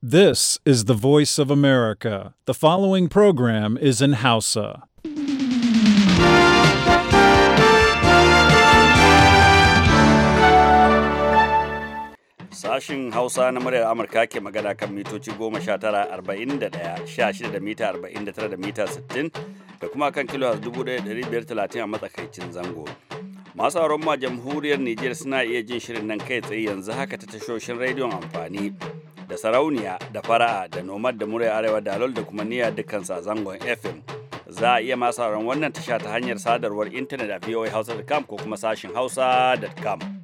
This is the voice of America. The following program is in Hausa. Sashin Hausa na muryar Amurka ke magana kan mitoci 19,41,16 da mita 49 da mita 60 da kuma kan kilo 1,530 a matsakaicin zango. masu auren ma jamhuriyar Nijar suna iya jin shirin nan kai tsaye yanzu haka ta tashoshin rediyon amfani da sarauniya da fara'a da nomad da murya arewa da da kuma niyya dukkan zangon fm za a iya masu wannan tasha ta hanyar sadarwar intanet a voahausa.com ko kuma sashin hausa.com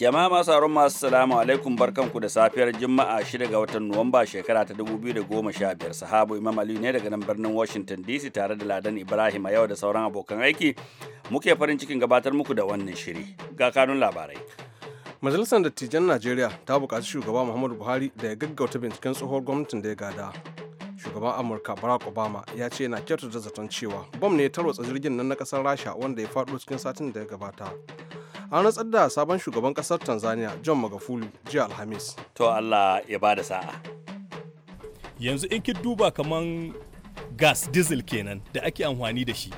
Jama'a masu sauraron masu salamu alaikum ku da safiyar Juma'a 6 ga watan Nuwamba shekara ta 2015 sahabo Imam Ali ne daga nan birnin Washington DC tare da Ladan Ibrahim a yau da sauran abokan aiki muke farin cikin gabatar muku da wannan shiri ga kanun labarai. Majalisar Dattijan Najeriya ta buƙaci shugaba Muhammadu Buhari da ya gaggauta binciken tsohuwar gwamnatin da ya gada. Shugaban Amurka Barack Obama ya ce yana kyautata zaton cewa bom ne ya tarwatsa jirgin nan na ƙasar Rasha wanda ya faɗo cikin satin da ya gabata. an rantsar da sabon shugaban kasar tanzania john magafuli jiya alhamis to allah ya ba da sa'a yanzu in ki duba kamar gas diesel kenan da ake amfani da shi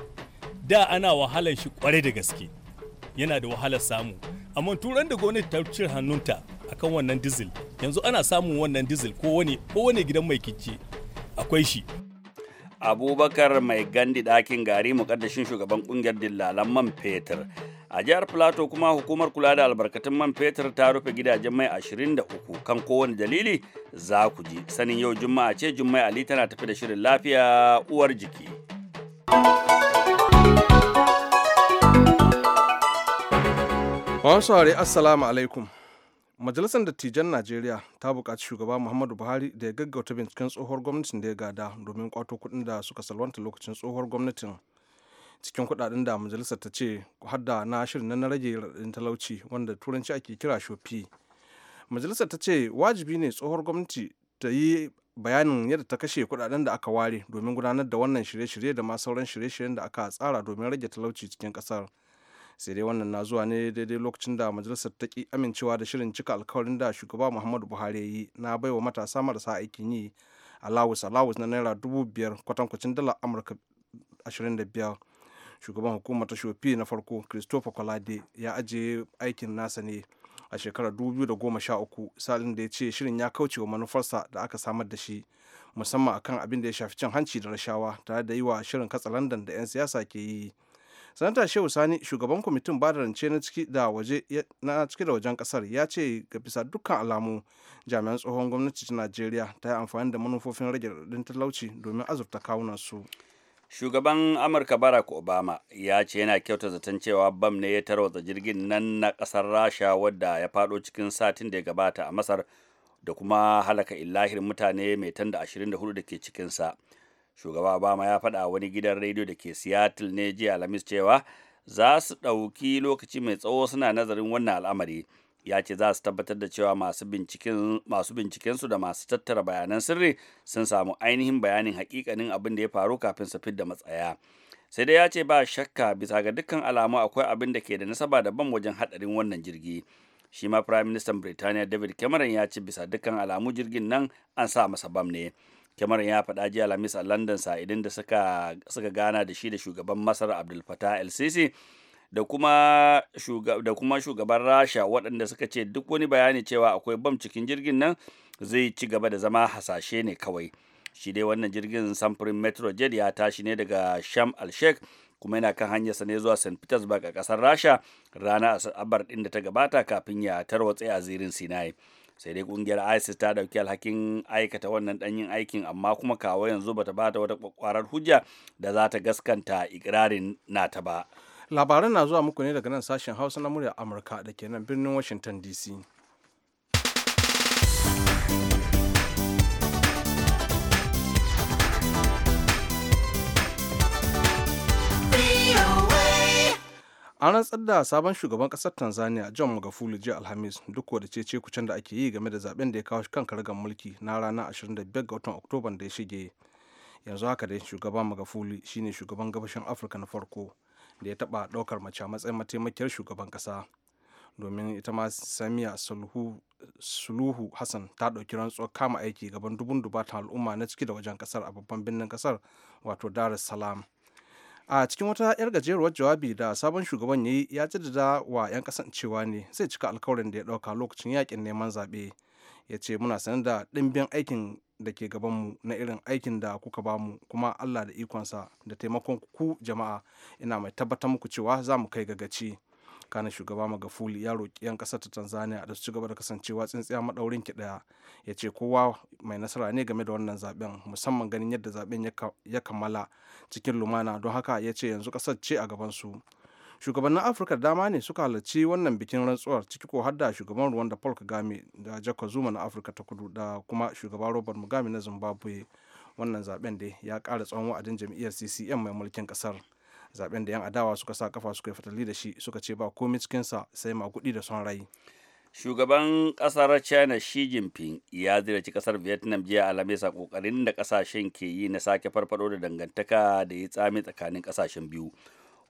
da ana wahalar shi kwarai da gaske yana da wahalar samu amma turan da gwamnati ta cire hannunta akan wannan diesel yanzu ana samun wannan diesel ko wani ko wani gidan mai kicce akwai shi abubakar mai gandi dakin gari mukaddashin shugaban kungiyar dillalan man fetur a jihar plateau kuma hukumar kula da albarkatun man fetur ta rufe gidajen mai 23 kan kowane dalili za ku ji sanin yau juma'a ce juma'a ali tana tafi da shirin lafiya uwar jiki Masu assalamu alaikum. Majalisar Dattijan Najeriya ta buƙaci shugaba Muhammadu Buhari da ya gaggauta binciken tsohuwar gwamnatin da ya gada domin kwato kuɗin da suka salwanta lokacin tsohuwar gwamnatin cikin kudaden da majalisar ta ce hadda na shirin na rage raɗin talauci wanda turanci ake kira shofi majalisar ta ce wajibi ne tsohuwar gwamnati ta yi bayanin yadda ta kashe kudaden da aka ware domin gudanar da wannan shirye-shirye da ma sauran shirye-shiryen da aka tsara domin rage talauci cikin kasar sai dai wannan na zuwa ne daidai lokacin da majalisar ta ki amincewa da shirin cika alkawarin da shugaba muhammadu buhari ya yi na baiwa matasa marasa aikin yi alawus alawus na naira dubu biyar kwatankwacin dala amurka biyar shugaban hukumar ta shofi na farko christopher kwalade ya ajiye aikin nasa ne a shekarar 2013 salin da ya ce shirin ya kauce wa manufarsa da aka samar da shi musamman akan abin da ya shafi cin hanci da rashawa tare da yi wa shirin katsalandan da 'yan siyasa ke yi sanata shehu sani shugaban kwamitin ba da rance na ciki da waje na ciki da wajen kasar ya ce ga bisa dukkan alamu jami'an tsohon gwamnati ta najeriya ta yi amfani da manufofin rage radadin talauci domin azurta kawunan su shugaban amurka barack obama ya ce yana kyauta zaton cewa bam ne ya tarwatsa jirgin nan na kasar rasha wadda ya faɗo cikin satin da ya gabata a masar da kuma halaka illahir mutane mai tan da 24 da ke cikinsa shugaba obama ya faɗa wani gidan rediyo da ke seattle ne jiya alhamis cewa za su ɗauki lokaci mai tsawo suna nazarin wannan al'amari ya ce za su tabbatar da cewa masu bincikensu da masu tattara bayanan sirri sun samu ainihin bayanin hakikanin abin da ya faru kafin su fidda matsaya sai dai ya ce ba shakka bisa ga dukkan alamu akwai abin da ke da nasaba daban wajen hadarin wannan jirgi shi ma prime minister birtaniya david cameron ya ce bisa dukkan alamu jirgin nan an sa masa bam ne cameron ya faɗa jiya alhamis a london sa'idin da suka gana da shi da shugaban masar abdul fatah el sisi da kuma shugaban rasha waɗanda suka ce duk wani bayani cewa akwai bam cikin jirgin nan zai ci gaba da zama hasashe ne kawai shi dai wannan jirgin samfurin metrojet ya tashi ne daga sham al-sheikh kuma yana kan hanyar sa ne zuwa st petersburg a ƙasar rasha ranar asabar ɗin da ta gabata kafin ya tarwatse a zirin sinai sai dai kungiyar isis ta dauki alhakin aikata wannan danyin aikin amma kuma kawo yanzu bata bata wata kwakwarar hujja da za ta gaskanta ikirarin nata ba labaran na zuwa muku ne daga nan sashen hausa na murya amurka da ke nan birnin washington dc an rantsar da sabon shugaban kasar tanzania john magufuli jiya alhamis duk da ce kucen da ake yi game da zaben da ya kawo kan karagar mulki na ranar 25 ga watan oktoban da ya shige yanzu haka dai shugaban magufuli shine shugaban gabashin afirka na farko da ya taɓa ɗaukar mace a matsayin mataimakiyar shugaban ƙasa domin ita ma samiya suluhu hassan ta ɗauki rantsuwar kama aiki gaban dubun dubatan al'umma na ciki da wajen ƙasar a babban birnin ƙasar wato dar es a cikin wata 'yar gajeruwar jawabi da sabon shugaban ya yi ya jaddada wa 'yan kasan cewa ne zai cika alkawarin da ya ɗauka lokacin yakin neman zaɓe ya ce muna sanar da ɗimbin aikin da ke gabanmu na irin aikin da kuka bamu kuma Allah da ikonsa da taimakon ku jama'a ina mai tabbatar muku cewa za mu kai gagaci kana shugaba magafuli ya roƙi 'yan ƙasar ta tanzania da su ci gaba da kasancewa tsintsiya maɗaurin ki ɗaya ya ce kowa mai nasara ne game da wannan zaben musamman ganin yadda zaben ya kammala cikin lumana don haka ya ce yanzu ƙasar ce a gabansu shugabannin afirka dama ne suka halarci wannan bikin rantsuwar ciki ko hadda shugaban da paul kagame da jacob zuma na afirka ta kudu da kuma shugaban robert mugabe na zimbabwe wannan zaben da ya kara tsawon wa'adin jam'iyyar ccm mai mulkin kasar zaben da yan adawa suka sa kafa suka yi fatali da shi suka ce ba komai sa sai magudi da son rai shugaban kasar china xi jinping ya ziyarci kasar vietnam jiya alhamis a kokarin da kasashen ke yi na sake farfado da dangantaka da ya tsami tsakanin kasashen biyu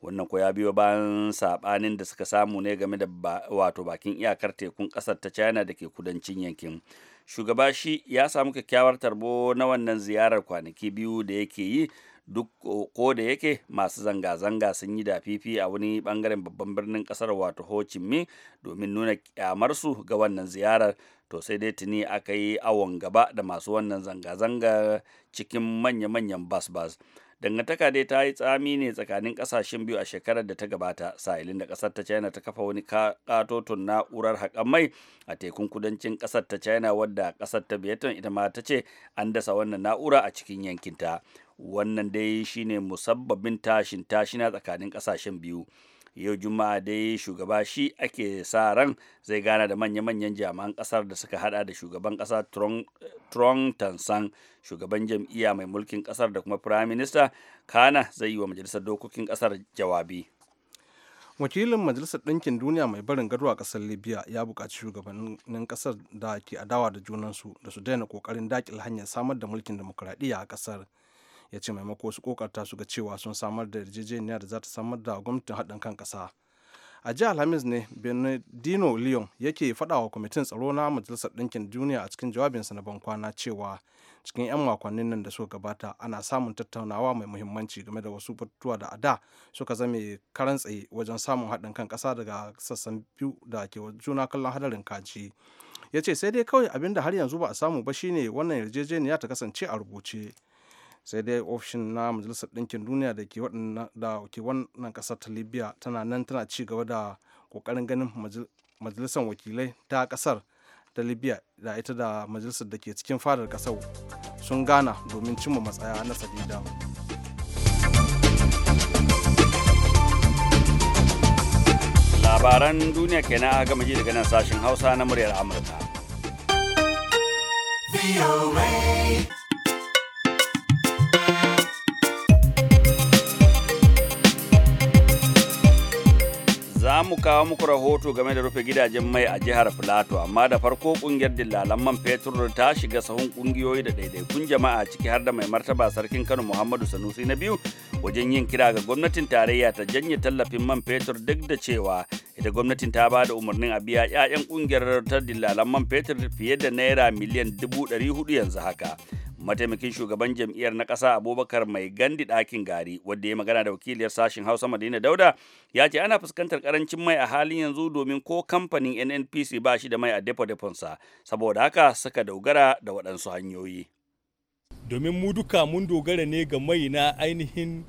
wannan ko ya biyo bayan saɓanin da suka samu ne game da wato bakin iyakar tekun kasar ta china da ke kudancin yankin shugaba shi ya samu kyakkyawar tarbo na wannan ziyarar kwanaki biyu da yake yi duk ko da yake masu zanga-zanga sun yi da fifi a wani bangaren babban birnin kasar wato ho chi minh domin nuna kyamarsu ga wannan ziyarar to sai dai tuni aka yi awon gaba da masu wannan zanga-zanga cikin manya-manyan bas-bas dangantaka dai ta yi tsami ne tsakanin kasashen biyu a shekarar da ta gabata sa'ilin da kasar ta china ta kafa wani katotun na'urar haƙan mai a tekun kudancin kasar ta china wadda kasar ta vietnam ita ma ta ce an dasa wannan na'ura a cikin yankinta wannan dai shine musabbabin tashin tashina tsakanin kasashen biyu yau juma'a dai shugaba shi ake sa ran zai gana da manya-manyan jami'an kasar da suka hada da shugaban kasa trong tansan shugaban jam'iyya mai mulkin kasar da kuma prime minister kana zai yi wa majalisar dokokin kasar jawabi wakilin majalisar ɗinkin duniya mai barin gado a ƙasar libya ya buƙaci shugabannin ƙasar da ke adawa da junansu da su daina ƙoƙarin daƙil hanyar samar da mulkin demokuraɗiyya a ƙasar ya ce maimako su kokarta su ga cewa sun samar da yarjejeniyar da za ta samar da gwamnatin haɗin kan ƙasa a jiya alhamis ne benedino leon yake faɗa wa kwamitin tsaro na majalisar ɗinkin duniya a cikin jawabinsa na bankwana cewa cikin 'yan makonnin nan da suka gabata ana samun tattaunawa mai muhimmanci game da wasu batutuwa da ada suka zame karan tsaye wajen samun haɗin kan ƙasa daga sassan biyu da ke juna kallon hadarin kaji ya ce sai dai kawai abin da har yanzu ba a samu ba shine wannan yarjejeniya ta kasance a rubuce sai dai ofishin na majalisar ɗinkin duniya da ke wannan ƙasar ta libya tana nan tana ci gaba da ƙoƙarin ganin majalisar wakilai ta ƙasar ta libya da ita da majalisar da ke cikin fadar ƙasar sun gana domin cimma matsaya na sadida labaran duniya kenan a gama ji daga nan sashen hausa na muryar amurka za mu kawo muku rahoto game da rufe gidajen mai a jihar Filato, amma da farko kungiyar dillalan man fetur ta shiga sahun kungiyoyi da ɗaiɗaikun jama'a ciki har da mai martaba sarkin Kano Muhammadu Sanusi na biyu wajen yin kira ga gwamnatin tarayya ta janye tallafin man fetur duk da cewa ita gwamnatin ta ba da umarnin a biya 'ya'yan kungiyar ta dillalan man fetur fiye da naira miliyan dubu ɗari hudu yanzu haka. mataimakin shugaban jam'iyyar na ƙasa abubakar mai gandi ɗakin gari wadda ya magana da wakiliyar sashen hausa madina dauda ya ce ana fuskantar karancin mai a halin yanzu domin ko kamfanin nnpc ba shi da mai a depo-deponsa saboda haka suka dogara da waɗansu hanyoyi domin mu duka mun dogara ne ga mai na ainihin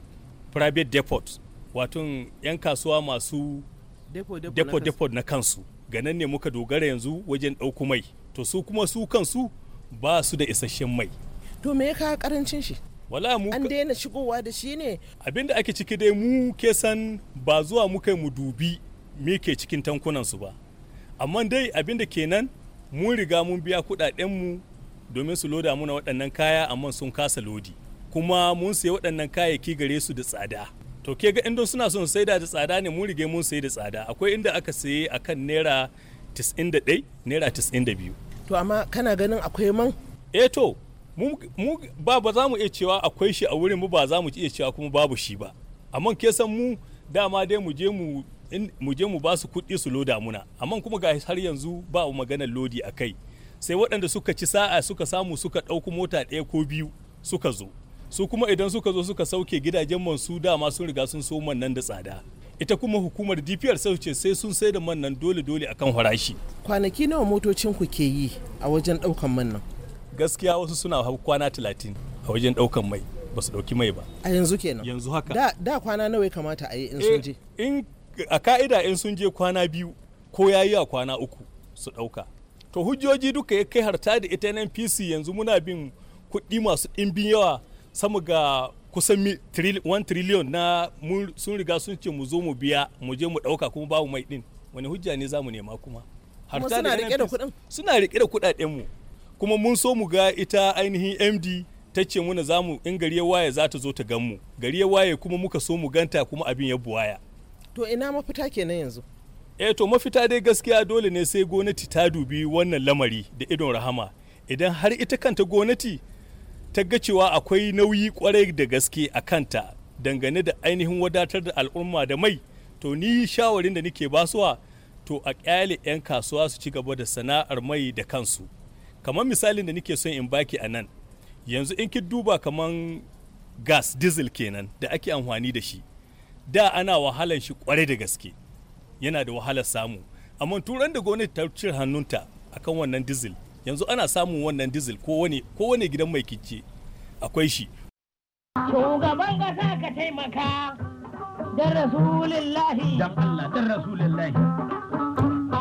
private depot wato 'yan kasuwa masu depo depot na kansu ganan ne muka dogara yanzu wajen ɗauku mai to su kuma su kansu ba su da isasshen mai to me ya kawo karancin shi wala mu an daina shigowa da shi ne abinda ake ciki dai mu ke san ba zuwa mu mu dubi me ke cikin tankunan su ba amma dai abinda kenan mun riga mun biya kudaden mu domin su loda muna waɗannan kaya amma sun kasa lodi kuma mun sayi waɗannan kayayyaki gare su da tsada to ke ga inda suna son sai da tsada ne mun rige mun sayi da tsada akwai inda aka saye akan naira 91 naira 92 to amma kana ganin akwai man eh to mu ba ba za mu iya cewa akwai shi a wurin mu ba za mu iya cewa kuma babu shi ba amma ke san mu dama dai mu je mu mu je mu ba su kuɗi su loda muna amma kuma ga har yanzu ba mu maganar lodi a kai sai waɗanda suka ci sa'a suka samu suka ɗauko mota ɗaya ko biyu suka zo su kuma idan suka zo suka sauke gidajen man su dama sun riga sun so man nan da tsada ita kuma hukumar dpr sau ce sai sun sai da man nan dole dole akan farashi kwanaki nawa motocin ku ke yi a wajen ɗaukan man nan gaskiya wasu suna hau kwana talatin a wajen ɗaukan mai ba su ɗauki mai ba a yanzu kenan yanzu haka da, da kwana nawa ya kamata a yi in sun eh, je in a ka'ida in sun je kwana biyu ko ya yi a kwana uku su ɗauka to hujjoji duka ya kai harta da ita pc yanzu muna bin kuɗi masu ɗimbin yawa sama ga kusan 1 trillion na sun riga sun ce mu zo mu biya mu je mu ɗauka kuma babu mai ɗin wani hujja ne za mu nema kuma harta da suna riƙe da kuɗaɗen mu kuma mun so mu ga ita ainihin md ta ce muna za mu in gari ya waye za ta zo ta gan mu gari waye kuma muka so mu ganta kuma abin ya buwaya to ina mafita kenan yanzu eh to mafita dai gaskiya dole ne sai gonati ta dubi wannan lamari da idon rahama idan har ita kanta gonati ta ga cewa akwai nauyi kwarai da gaske a kanta dangane da ainihin wadatar da al'umma da mai to ni shawarin da nake basuwa to a kyale 'yan kasuwa su ci gaba da sana'ar mai da kansu kamar misalin da nike son in baki a nan yanzu in ki duba kamar gas diesel kenan da ake amfani da shi da ana wahalar shi kwarai da gaske yana da wahalar samu amma turan da gwamnati ta cire hannunta akan wannan diesel yanzu ana samun wannan diesel ko wani gidan mai kicce akwai shi shugaban kasa ka taimaka da dan Allah dan rasulillahi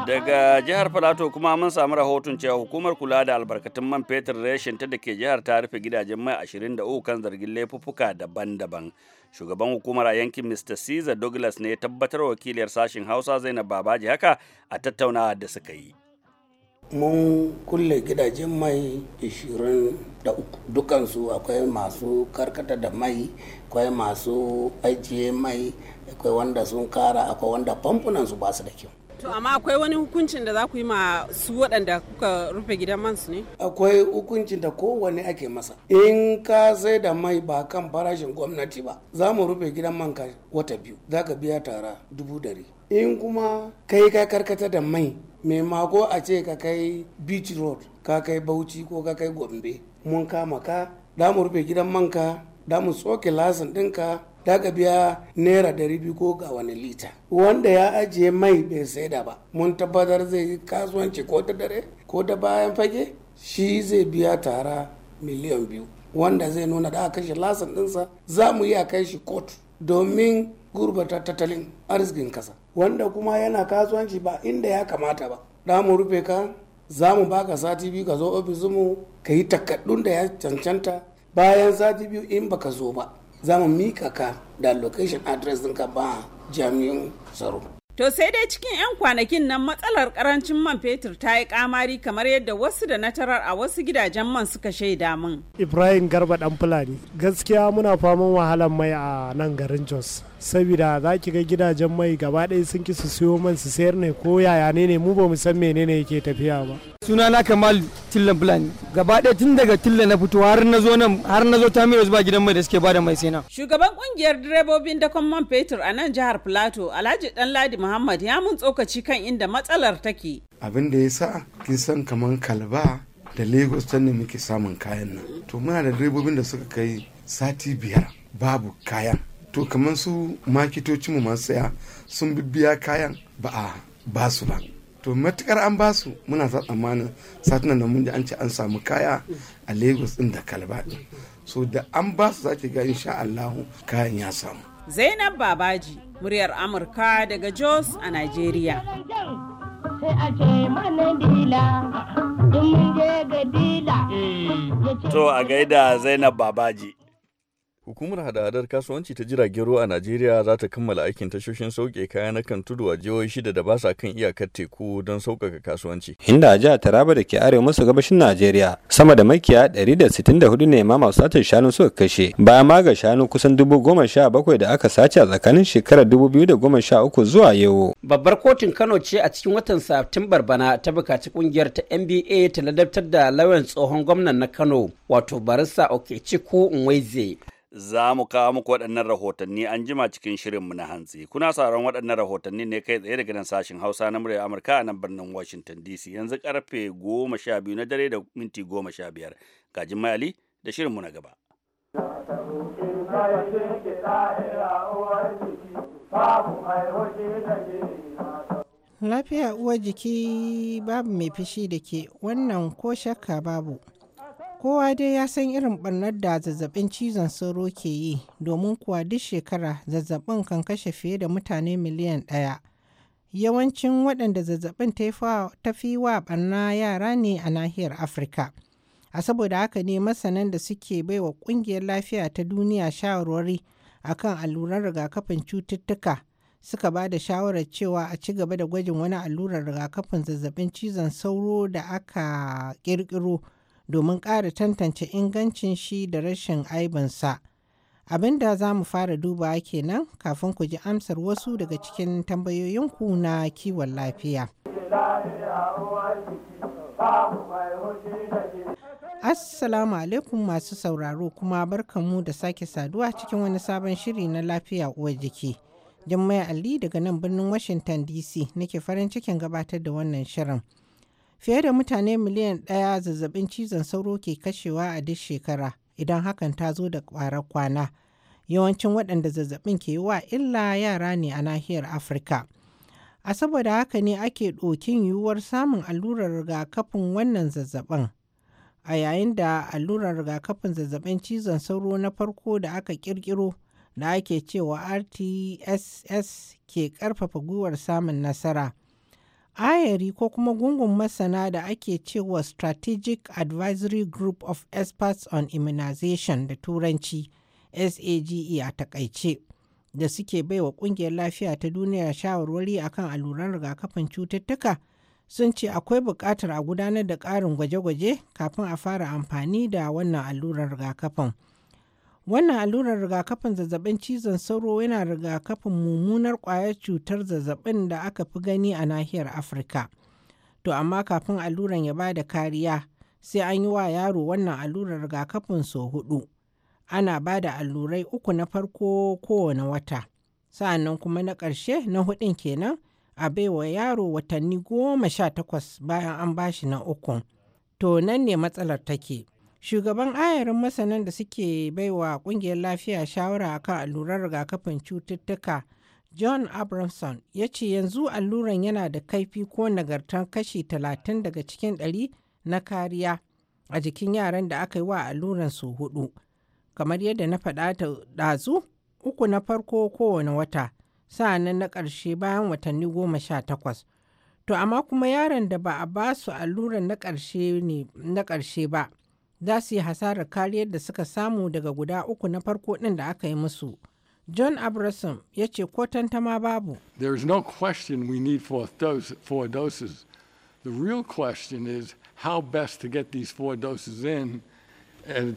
daga jihar Filato kuma mun samu rahoton cewa hukumar kula da albarkatun man fetur reshen ta da ke jihar ta rufe gidajen mai 23 kan zargin laifuffuka daban-daban. Shugaban hukumar a yankin Mr. Caesar Douglas ne ya tabbatar wakiliyar sashen Hausa Zainab Babaji haka a tattaunawa da suka yi. mun kulle gidajen mai 23 dukansu akwai masu karkata da mai akwai masu ajiye mai akwai wanda sun kara akwai wanda fanfunan su basu da kyau To amma akwai wani hukuncin da za ku yi ma su waɗanda kuka rufe gidan man su ne? Akwai hukuncin da kowanne ake masa. In ka sai da mai ba kan farashin gwamnati ba, za mu rufe gidan man ka wata biyu, za ka biya tara dubu dari. In kuma kai ka karkata da mai mai mako a ce ka kai beach road ka kai bauchi ko ka kai gombe mun kama ka za mu rufe gidan man ka. da mu soke lasin ɗinka da ka biya naira ɗari biyu ko ga wani lita wanda ya ajiye mai bai sai da ba mun tabbatar zai yi kasuwanci ko ta dare ko ta bayan fage shi zai biya tara miliyan biyu wanda zai nuna da aka kashe lasin ɗinsa za mu yi a kai shi kotu domin gurbata tattalin arzikin kasa wanda kuma yana kasuwanci ba inda ya kamata ba da mu rufe ka za mu baka sati biyu ka zo ofis mu. ka yi takaddun da ya cancanta bayan sati biyu in baka zo ba za mu mika ka da location address ɗinka ba jami'in tsaro To sai dai cikin 'yan kwanakin nan matsalar karancin man fetur ta yi kamari kamar yadda wasu da na tarar a wasu gidajen man suka shaida min. Ibrahim Garba ɗan Fulani gaskiya muna faman wahalar mai a nan garin Jos. saboda za ki ga gidajen mai gaba ɗaya sun ki su siyo man su sayar ne ko yaya ne ne mu ba mu san menene yake tafiya ba suna na kamal tilla bulani gaba ɗaya tun daga tilla na fito har na zo nan har na zo ta mai zuwa gidan mai da suke bada mai sena shugaban kungiyar direbobin dakon man fetur a nan jihar plateau alhaji danladi muhammad ya mun tsokaci kan inda matsalar take abin da ya sa kin san kaman kalba da lagos ta ne muke samun kayan nan to muna da direbobin da suka kai sati biyar babu kayan to kamar su mu masu saya sun bibbiya kayan ba a ba su ba to matukar an ba su muna sa tsammanin satunan da mun an ce an samu kaya a lagos din da kalba din so da an ba su zaki ga insha allahu kayan ya samu zainab babaji muryar amurka daga jos a nigeria eh, To a gaida Zainab Babaji. Hukumar hada-hadar kasuwanci ta jiragen ruwa a Najeriya za ta kammala aikin tashoshin sauke kaya na kan tudu a jihohi shida da ba sa kan iyakar teku don sauƙaƙa kasuwanci. Inda a jihar Taraba da ke arewa maso gabashin Najeriya sama da makiya hudu ne ma masu satar shanu suka kashe bayan ma ga shanu kusan dubu goma sha bakwai da aka sace a tsakanin shekarar uku, zuwa yau. Babbar kotun Kano ce a cikin watan Satumbar bana ta bukaci kungiyar ta NBA ta ladabtar da lauyan tsohon gwamnan na Kano wato Barista Okechukwu Nweze. za mu kawo muku waɗannan rahotanni an jima cikin shirinmu na hantsi kuna sauran waɗannan rahotanni ne kai tsaye daga nan sashen hausa na murya amurka a nan birnin washington dc yanzu karfe goma sha biyu na dare da minti goma sha biyar ga ali da shirinmu na gaba lafiya uwar jiki babu mai fishi da ke wannan ko shakka babu Kowa dai ya san irin ɓarnar da zazzabin cizon sauro ke yi domin kuwa duk shekara zazzabin kan kashe fiye da mutane miliyan ɗaya. Yawancin waɗanda zazzabin ta fi wa ɓarna yara ne a nahiyar Afirka. A saboda haka ne masanan da suke baiwa ƙungiyar lafiya ta duniya shawarwari akan alluran rigakafin cututtuka. suka ba da shawarar cewa a ci gaba da gwajin wani allurar rigakafin zazzabin cizon sauro da aka ƙirƙiro. domin ƙara tantance ingancin shi da rashin aibinsa. Abin da za mu fara duba kenan kafin ku ji amsar wasu daga cikin tambayoyinku na kiwon lafiya. Assalamu alaikum masu sauraro kuma barkanmu da sake saduwa cikin wani sabon shiri na lafiya uwar jiki. Jummai Ali daga nan birnin Washington DC nake farin cikin gabatar da wannan shirin. Fiye da mutane miliyan ɗaya zazzabin cizon sauro ke kashewa a duk shekara idan hakan ta zo da ƙwarar kwana. Yawancin waɗanda zazzabin ke wa illa yara ne a nahiyar Afirka. A saboda haka ne ake ɗokin yiwuwar samun allurar rigakafin wannan zazzabin. A yayin da allurar rigakafin zazzabin cizon sauro na farko da aka ƙirƙiro da ake cewa RTSS ke ƙarfafa gwiwar samun nasara. ayari ko kuma gungun masana da ake cewa strategic advisory group of experts on immunization da turanci sage a takaice da suke baiwa kungiyar lafiya ta duniya shawarwari akan alluran rigakafin cututtuka sun ce akwai buƙatar a gudanar da ƙarin gwaje-gwaje kafin a fara amfani da wannan alluran rigakafin. Wannan allurar rigakafin zazzabin cizon sauro yana rigakafin mummunar ƙwayar cutar zazzabin da aka fi gani a nahiyar Afirka. To amma kafin alluran ya ba da kariya sai an yi wa yaro wannan allurar rigakafin sau hudu. Ana ba da allurai uku na farko kowane wata. Sa'annan kuma na ƙarshe na hudun kenan a baiwa yaro watanni goma sha takwas bayan an bashi na uku To nan ne matsalar take. shugaban ayarin masanan da suke baiwa kungiyar lafiya shawara a akan allurar rigakafin cututtuka john abramson ya ce yanzu alluran yana da kaifi ko nagartan kashi 30 daga cikin 100 na kariya a jikin yaran da aka yi wa alluran su hudu kamar yadda na faɗa ta ɗazu uku na farko kowane wata sa'annan na ƙarshe bayan watanni goma sha takwas to amma kuma yaran da ba a ba su alluran na ƙarshe ba za su yi hasarar kariyar da suka samu daga guda uku na farko ɗin da aka yi musu. John Abrasom ya ce ko tantama babu. There is no question we need four, dose, four doses. The real question is how best to get these four doses in and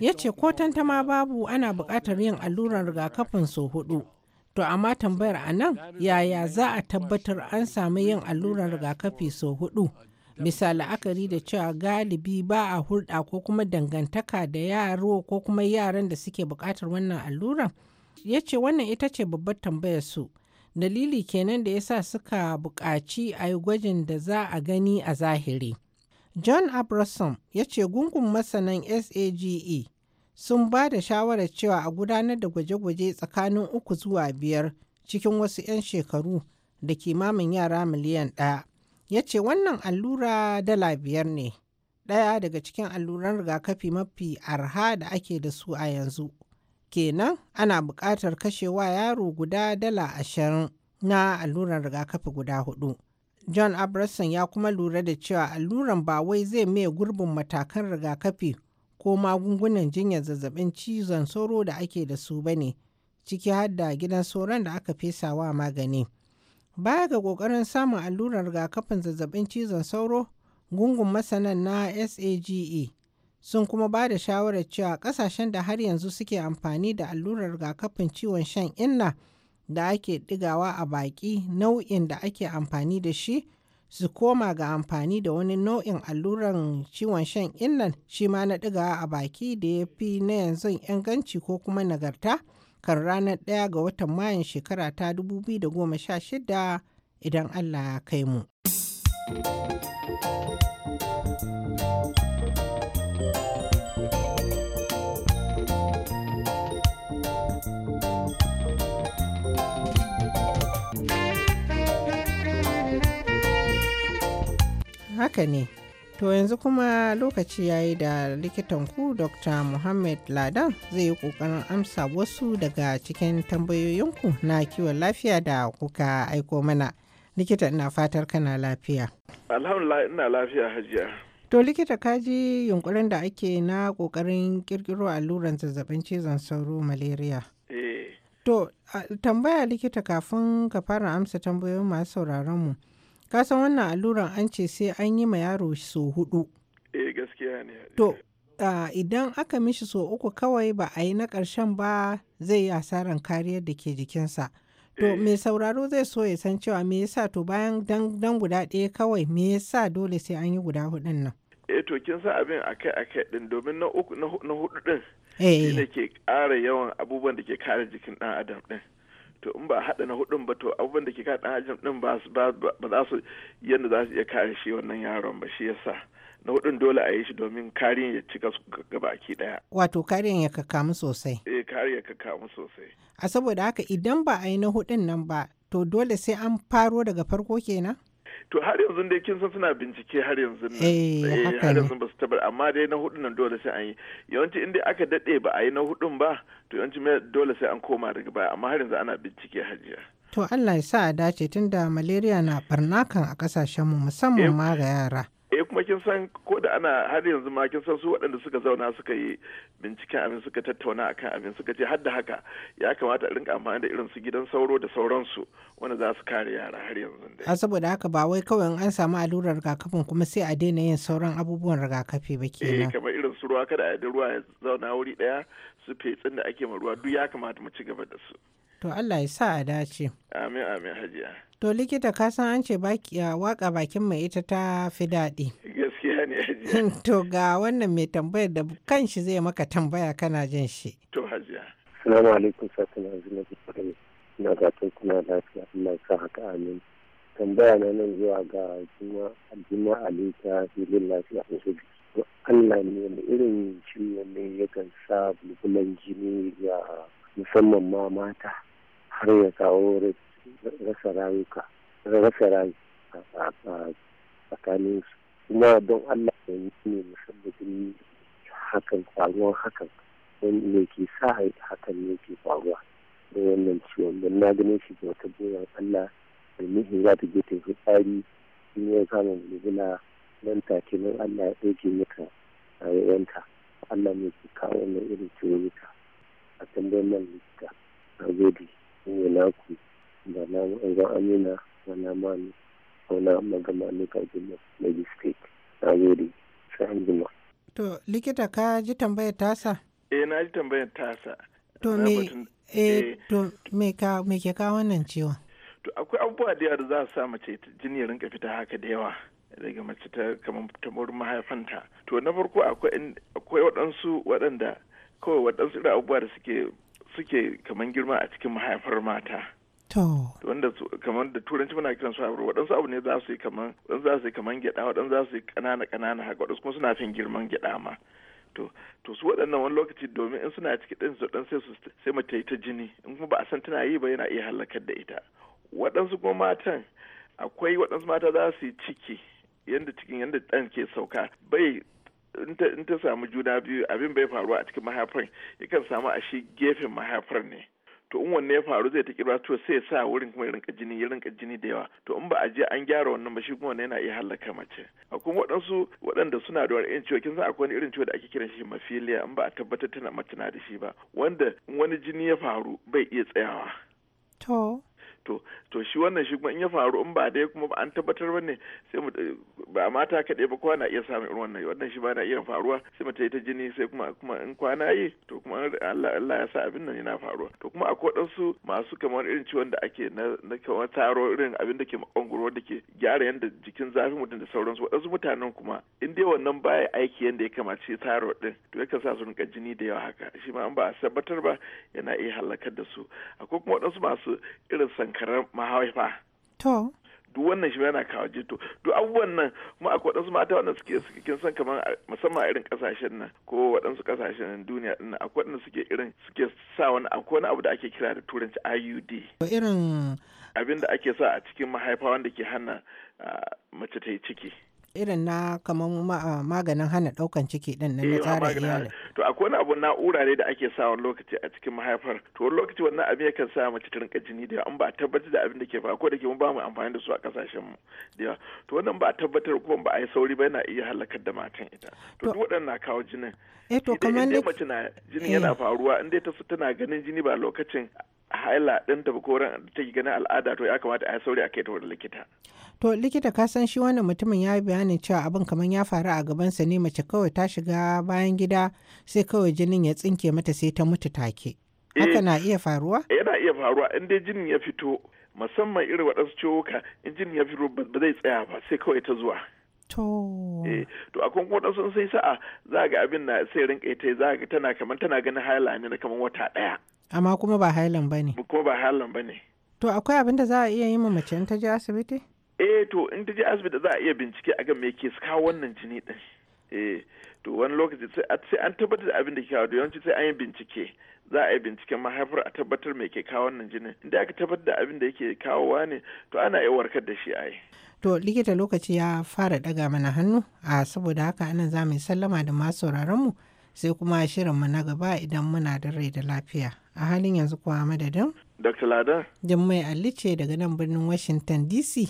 ya ce ko tantama babu ana buƙatar yin alluran rigakafin sau hudu to amma tambayar a nan yaya za a tabbatar an sami yin alluran rigakafi sau hudu Misa la'akari da cewa galibi ba a hulɗa ko kuma dangantaka da yaro ko kuma yaran da suke buƙatar wannan alluran ya ce wannan ita ce babbar tambayar su dalili kenan da yasa suka buƙaci a yi gwajin da za a gani a zahiri john abrason ya ce gungun masanan sage sun ba da shawarar cewa a gudanar da gwaje-gwaje tsakanin uku zuwa biyar cikin wasu 'yan shekaru da kimamin yara miliyan ɗaya ya ce wannan allura dala biyar ne ɗaya daga cikin alluran rigakafi mafi arha da ake da su a yanzu kenan ana buƙatar kashewa yaro guda dala ashirin na alluran rigakafi guda hudu john abrason ya kuma lura da cewa alluran ba wai zai maye gurbin matakan rigakafi ko magungunan jinyar zazzabin cizon sauro da ake da su bane ciki har gidan sauran da aka fesa wa magani. Baya ga ƙoƙarin samun allurar rigakafin zazzabin cizon sauro, gungun masanan na SAGE sun kuma ba da shawarar cewa ƙasashen da har yanzu suke amfani da allurar rigakafin ciwon shan inna da ake ɗigawa a baƙi nau'in da ake amfani da shi su koma ga amfani da wani nau'in alluran ciwon shan innan shi ma na ɗigawa a baki da ya fi na yanzu inganci ko kuma nagarta. kan ranar ɗaya ga watan mayan shekara ta 2016 idan Allah ya kai mu. Haka ne. To yanzu kuma lokaci ya yi da likitanku Dr. Muhammad Ladan zai yi kokarin amsa wasu daga cikin tambayoyinku na kiwon lafiya da kuka aiko mana. Likita ina fatar kana lafiya. Alhamdulillah ina lafiya hajiya. To likita kaji yunkurin da ake na kokarin ƙirƙiro alluran zazzabin cizon sauro malaria. Eh. To tambaya likita kafin ka fara amsa tambayoyin masu sauraronmu. mu. kasan wannan alluran an ce sai an yi ma yaro so hudu. Eh gaskiya ne. To, idan aka mishi so uku kawai ba a yi na ƙarshen ba zai yi asaran kariyar da ke jikinsa. To, eh. mai sauraro zai so ya san cewa me yasa to bayan dan guda ɗaya kawai me yasa dole sai an yi guda hudun nan. eh to kin san abin akai akai din domin na uku na hudu din eh. shine ke ƙara yawan abubuwan da ke kare jikin ɗan adam ɗin. to in ba a haɗa na hudun ba to abubuwan da ke ka ɗan ajin ɗin ba za su yadda za su iya kare shi wannan yaron ba shi yasa na hudun dole a yi shi domin kariyan ya cika su gabaki ɗaya. Wato kariyan ya kakkamu sosai. Eh kariyan ya kakkamu sosai. A saboda haka idan ba a yi na hudun nan ba to dole sai an faro daga farko kenan? to har yanzu dai kin san suna bincike har yanzu nan eh, eh, har yanzu ba su tabar amma dai na hudun nan dole sai an yi yawanci inda aka dade ba a yi na hudun ba to yawanci dole sai an koma daga baya amma har yanzu ana bincike hajiya to Allah ya sa a dace tunda malaria na barna a kasashen mu musamman eh, ma ga yara kuma kin san ko da ana har yanzu ma kin san su waɗanda suka zauna suka yi binciken abin suka tattauna akan abin suka ce har da haka ya kamata a rinka amfani da irin su gidan sauro da sauransu wanda za su kare yara har yanzu dai a saboda haka ba wai kawai in an samu allurar rigakafin kuma sai a daina yin sauran abubuwan rigakafi ba eh, kenan eh kamar irin su ruwa kada a da ruwa ya zauna wuri daya su fetsin da ake ma ruwa duk ya kamata mu ci gaba da su To Allah ya sa a dace. Amin amin hajiya. To likita ka san an ce waka bakin mai ita ta fi daɗi. Gaskiya ne hajiya. to ga wannan mai tambayar da kan shi zai maka tambaya kana jin shi. To hajiya. Salamu alaikum sakin azumi da na kuna lafiya Allah ya sa haka amin. tambaya na nan zuwa ga juma ali ta filin lafiya a zubi allah ne wani irin ciwo ne yakan sa bulbulan jini ga musamman ma mata har ya kawo rasa rayuka rasa rayuka a tsakanin su kuma don Allah ya yi ne musabbabin hakan faruwar hakan ne ke sa hakan ne ke faruwa da wannan ciwon don na ganin shi da wata goyon Allah da nihin za ta je ta yi tsari in ya samu bulbula nan take nan Allah ya ɗauke mata rayuwanta Allah ne ke kawo wannan irin ciwon a tambayin nan likita. Na gode. shine naku bala ga amina bala mani sauna magamani kajin na district na gode sai an jima. to likita ka ji tambayar tasa? eh na ji tambayar tasa. to me eh, eh to me ka me ke ka wannan ciwon? to akwai abubuwa da yawa za a sa mace jini ya rinka fita haka da yawa. daga mace ta kamar ta mahaifanta to na farko akwai waɗansu waɗanda kawai waɗansu irin abubuwa da suke suke kamar girma a cikin mahaifar mata To. Wanda kamar da turanci muna kiran su abu waɗansu abu ne za su yi kamar waɗansu za su yi kamar gyaɗa waɗansu za su yi ƙanana ƙanana haka waɗansu kuma suna fin girman gyaɗa ma. To to su waɗannan wani lokaci domin in suna ciki ɗin su ɗan sai su sai mace yi ta jini in kuma ba a san tana yi ba yana iya halakar da ita. Waɗansu kuma matan akwai waɗansu mata za su yi ciki yadda cikin yadda ɗan ke sauka bai in ta samu juna biyu abin bai faru a cikin mahaifar yakan samu a shi gefen mahaifar ne to in wanne ya faru zai ta kira to sai sa wurin kuma ya rinka jini ya rinka jini da yawa to in ba a je an gyara wannan ba shi kuma wannan yana iya halaka mace akwai waɗansu waɗanda suna da wani ciwo kin san akwai wani irin ciwo da ake kiran shi mafiliya in ba a tabbatar tana mace na da shi ba wanda in wani jini ya faru bai iya tsayawa to to to shi wannan shi kuma in ya faru in ba dai kuma ba an tabbatar ba ne sai mu ba mata kaɗai ba kwana iya samun irin wannan wannan shi ba na iya faruwa sai mu ta ta jini sai kuma kuma in kwana yi to kuma Allah Allah ya sa abin nan yana faruwa to kuma akwai su masu kamar irin ciwon da ake na na kamar taro irin abin da ke makongoro da ke gyara yanda jikin zafin mutum da sauransu waɗansu mutanen kuma in dai wannan baya aiki yanda ya kamata shi taro din to ya sa su rinka jini da yawa haka shi ma an ba a tabbatar ba yana iya halakar da su akwai kuma waɗansu masu irin san sankarar mahaifa to duk wannan shi yana kawo jito duk abubuwan nan kuma akwai waɗansu mata wanda suke kin san kamar musamman irin kasashen nan ko waɗansu kasashen duniya din akwai waɗanda suke irin suke sa wani akwai wani abu da ake kira da turanci IUD irin abin da ake sa a cikin mahaifa wanda ke hana mace ta yi ciki irin na kamar maganin hana ɗaukan ciki din na eh, tsara iyali. To akwai wani abu na'ura ne da ake sa wani lokaci a cikin mahaifar. To wani lokaci wannan abin yakan sa mace ta rinka jini da an ba a tabbatar da abin da ke faruwa ko da ke mun ba mu amfani da su a kasashen mu da To wannan ba tabbatar kuma ba a yi sauri ba yana iya halakar da matan ita. To duk waɗannan na kawo jinin. Eh to kamar mace na jinin eh. yana faruwa in dai ta tana ganin jini ba lokacin haila ɗinta ba ko ran ta yi ganin al'ada to ya kamata a sauri a kai ta wurin likita. To likita ka san shi wannan mutumin ya yi bayanin cewa abin kamar ya faru a sa ne mace kawai ta shiga bayan gida sai kawai jinin ya tsinke mata sai ta mutu take. Eh. Haka na iya faruwa? Eh, yana iya faruwa in dai jinin ya fito musamman irin waɗansu ciwoka in jinin ya fito ba zai tsaya ba sai kawai ta zuwa. To. Eh, to akwai kuma sun sai sa'a za ga abin na sai rinka ita za ga tana kamar tana ganin haila ne na kamar wata ɗaya. Amma kuma ba hailan ba ne. Kuma ba hailan ba ne. To akwai abin da za a iya yi ma mace in ta je asibiti? Eh to in ta je asibiti za a iya bincike a ga me ke kawo wannan jini ɗin. Eh to wani lokaci sai an tabbatar da abin da ke kawo yawanci sai an yi bincike. za a yi binciken mahaifar a tabbatar mai ke kawo wannan jinin inda aka tabbatar da abin da yake kawowa ne to ana iya warkar da shi a yi. To likita lokaci ya fara ɗaga mana hannu a saboda haka anan za mu sallama da masu mu sai kuma shirinmu na gaba idan muna da rai da lafiya. A halin yanzu kuwa madadin? Dr. Lada? Jummai mai ce daga nan birnin Washington DC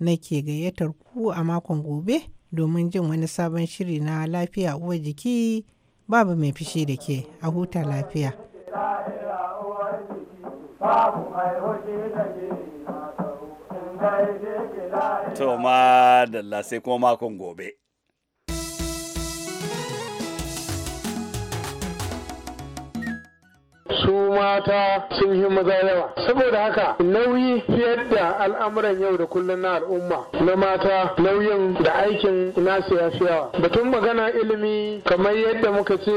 na ke gayyatar ku a makon gobe domin jin wani sabon shiri na lafiya uwa jiki babu mai fishi da ke a huta lafiya. To ma sai kuma makon gobe. su mata sun yi maza yawa saboda haka nauyi fiye da al'amuran yau da kullum na al'umma na mata nauyin da aikin nasu ya fi yawa batun magana ilimi kamar yadda muka ce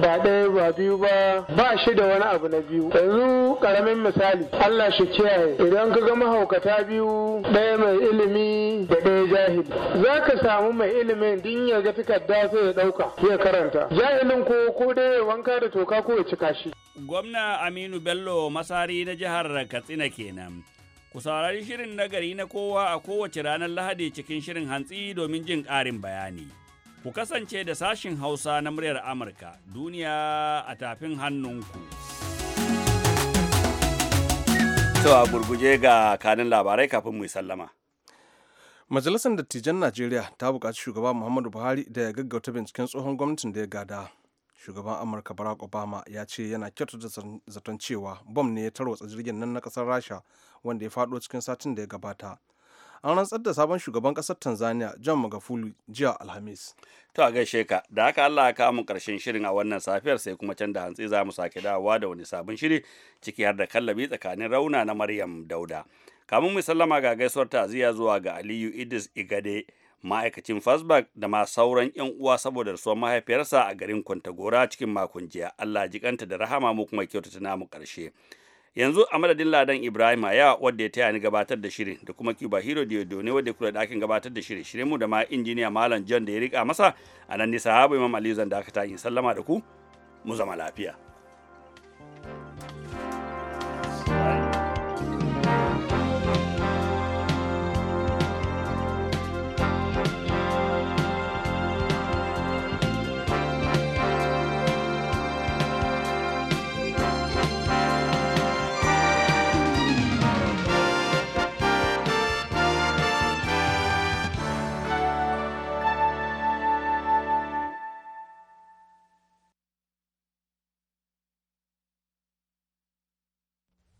ba ɗaya ba biyu ba ba shi da wani abu na biyu yanzu karamin misali Allah shi kiyaye idan ka ga mahaukata biyu ɗaya mai ilimi da ɗaya jahili za ka samu mai ilimin din ya ga takarda sai ya ɗauka ya karanta jahilin ko ko dai wanka da toka ko ya cika shi Gwamna Aminu Bello Masari na jihar Katsina kenan. Ku saurari shirin nagari na kowa a kowace ranar Lahadi cikin shirin hantsi domin jin ƙarin bayani. Ku kasance da sashin Hausa na muryar Amurka, duniya a tafin hannunku. To a gurguje ga kanin labarai kafin mu sallama. Majalisar Dattijan Najeriya ta buƙaci shugaba Muhammadu Buhari da ya gaggauta binciken tsohon gwamnatin da ya gada shugaban amurka barack obama ya ce yana da zaton cewa bom ne ya tarwatsa jirgin nan na kasar rasha wanda ya fado cikin satin da ya gabata an rantsar da sabon shugaban kasar tanzania john magafuli jiya alhamis to a gaishe ka da haka allah ya kawo mu karshen shirin a wannan safiyar sai kuma can da hantsi za mu sake dawowa da wani sabon shiri ciki har da kallabi tsakanin rauna na maryam dauda kamun mu sallama ga gaisuwar ta'aziyya zuwa ga aliyu idris igade ma'aikacin fasbak da ma sauran 'yan uwa saboda rasuwar mahaifiyarsa a garin kwantagora cikin makon jiya allah ji kanta da rahama mu kuma ta namu ƙarshe yanzu a madadin ladan ibrahim ya wadda ya taya ni gabatar da shirin da kuma cuba hero diodo ne wadda kula da akin gabatar da shirin shirin mu da ma injiniya malam john da ya rika masa a nan nisa habu imam Ali zan dakata in sallama da ku mu zama lafiya